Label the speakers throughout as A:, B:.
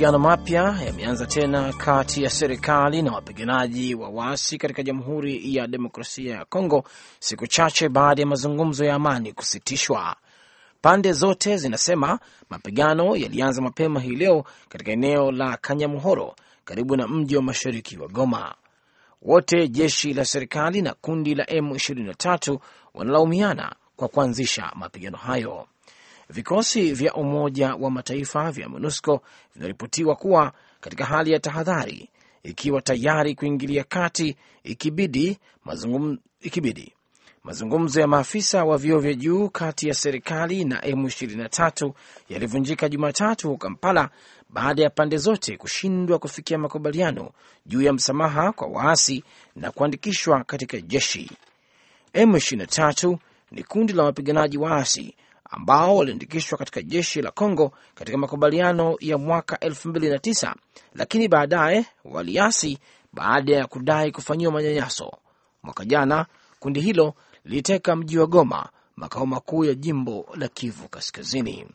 A: Mapigano mapya yameanza tena kati ya serikali na wapiganaji wa waasi katika Jamhuri ya Demokrasia ya Kongo siku chache baada ya mazungumzo ya amani kusitishwa. Pande zote zinasema mapigano yalianza mapema hii leo katika eneo la Kanyamhoro karibu na mji wa mashariki wa Goma. Wote jeshi la serikali na kundi la M23 wanalaumiana kwa kuanzisha mapigano hayo. Vikosi vya Umoja wa Mataifa vya MONUSCO vinaripotiwa kuwa katika hali ya tahadhari, ikiwa tayari kuingilia kati ikibidi, mazungum, ikibidi. Mazungumzo ya maafisa wa vyeo vya juu kati ya serikali na M23 yalivunjika Jumatatu huko Kampala baada ya pande zote kushindwa kufikia makubaliano juu ya msamaha kwa waasi na kuandikishwa katika jeshi. M23 ni kundi la wapiganaji waasi ambao waliandikishwa katika jeshi la congo katika makubaliano ya mwaka 2009 lakini baadaye waliasi baada ya kudai kufanyiwa manyanyaso. Mwaka jana kundi hilo liliteka mji wa Goma, makao makuu ya jimbo la Kivu Kaskazini.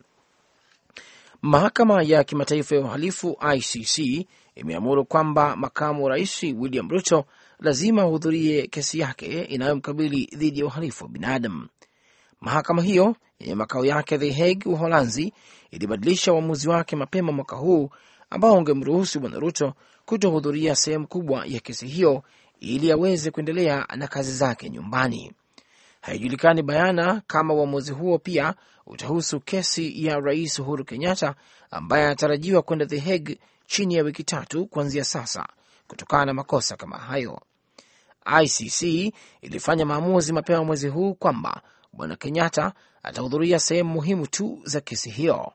A: Mahakama ya Kimataifa ya Uhalifu ICC imeamuru kwamba makamu rais William Ruto lazima ahudhurie kesi yake inayomkabili dhidi ya uhalifu wa binadamu. Mahakama hiyo yenye makao yake The Hague, Uholanzi, ilibadilisha uamuzi wake mapema mwaka huu ambao ungemruhusu Bwana Ruto kutohudhuria sehemu kubwa ya kesi hiyo ili aweze kuendelea na kazi zake nyumbani. Haijulikani bayana kama uamuzi huo pia utahusu kesi ya Rais Uhuru Kenyatta ambaye anatarajiwa kwenda The Hague chini ya wiki tatu kuanzia sasa kutokana na makosa kama hayo. ICC ilifanya maamuzi mapema mwezi huu kwamba Bwana Kenyatta atahudhuria sehemu muhimu tu za kesi hiyo.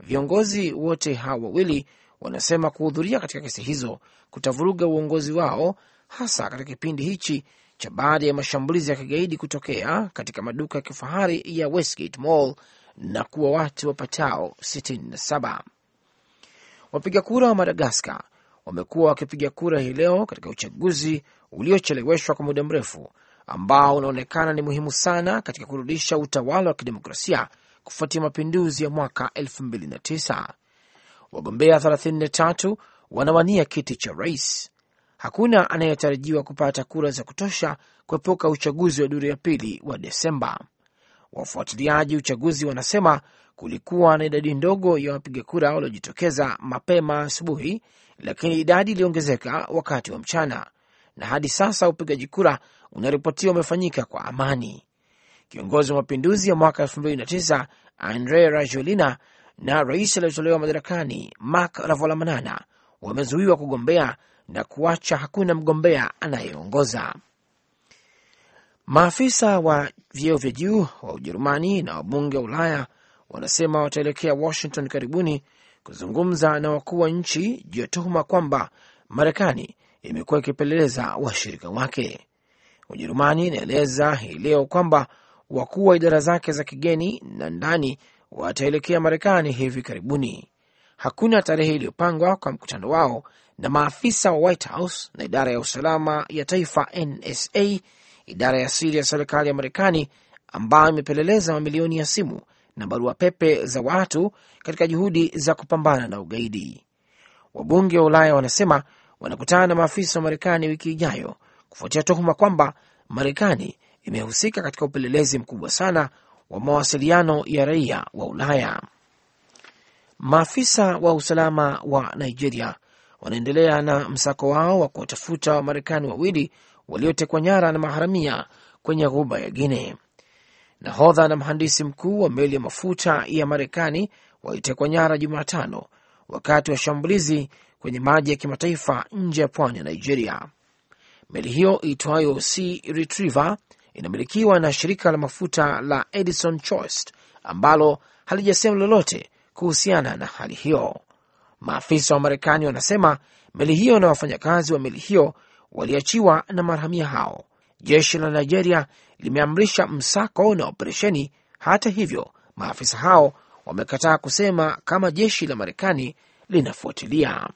A: Viongozi wote hawa wawili wanasema kuhudhuria katika kesi hizo kutavuruga uongozi wao, hasa katika kipindi hichi cha baada ya mashambulizi ya kigaidi kutokea katika maduka ya kifahari ya Westgate Mall na kuwa watu wapatao 67. Wapiga kura wa Madagaskar wamekuwa wakipiga kura hii leo katika uchaguzi uliocheleweshwa kwa muda mrefu ambao unaonekana ni muhimu sana katika kurudisha utawala wa kidemokrasia kufuatia mapinduzi ya mwaka 2009. Wagombea 33 wanawania kiti cha rais. Hakuna anayetarajiwa kupata kura za kutosha kuepuka uchaguzi wa duru ya pili wa Desemba. Wafuatiliaji uchaguzi wanasema kulikuwa na idadi ndogo ya wapiga kura waliojitokeza mapema asubuhi, lakini idadi iliongezeka wakati wa mchana na hadi sasa upigaji kura unaripotiwa umefanyika kwa amani. Kiongozi wa mapinduzi ya mwaka 2009 Andre Rajoelina na rais aliyotolewa madarakani Marc Ravalomanana wamezuiwa kugombea na kuacha hakuna mgombea anayeongoza. Maafisa wa vyeo vya juu wa Ujerumani na wabunge wa Ulaya wanasema wataelekea Washington karibuni kuzungumza na wakuu wa nchi juu ya tuhuma kwamba Marekani imekuwa ikipeleleza washirika wake. Ujerumani inaeleza hii leo kwamba wakuu wa idara zake za kigeni na ndani wataelekea Marekani hivi karibuni. Hakuna tarehe iliyopangwa kwa mkutano wao, na maafisa wa White House na idara ya usalama ya taifa NSA, idara ya siri ya serikali ya Marekani ambayo imepeleleza mamilioni ya simu na barua pepe za watu katika juhudi za kupambana na ugaidi. Wabunge wa Ulaya wanasema wanakutana na maafisa wa Marekani wiki ijayo kufuatia tuhuma kwamba Marekani imehusika katika upelelezi mkubwa sana wa mawasiliano ya raia wa Ulaya. Maafisa wa usalama wa Nigeria wanaendelea na msako wao wa kuwatafuta Wamarekani wawili waliotekwa nyara na maharamia kwenye ghuba ya Guine. Nahodha na mhandisi mkuu wa meli ya mafuta ya Marekani walitekwa nyara Jumatano wakati wa shambulizi kwenye maji ya kimataifa nje ya pwani ya Nigeria. Meli hiyo iitwayo Sea Retriever inamilikiwa na shirika la mafuta la Edison Choist ambalo halijasema lolote kuhusiana na hali hiyo. Maafisa wa Marekani wanasema meli hiyo na wafanyakazi wa meli hiyo waliachiwa na marhamia hao. Jeshi la Nigeria limeamrisha msako na operesheni. Hata hivyo, maafisa hao wamekataa kusema kama jeshi la Marekani linafuatilia.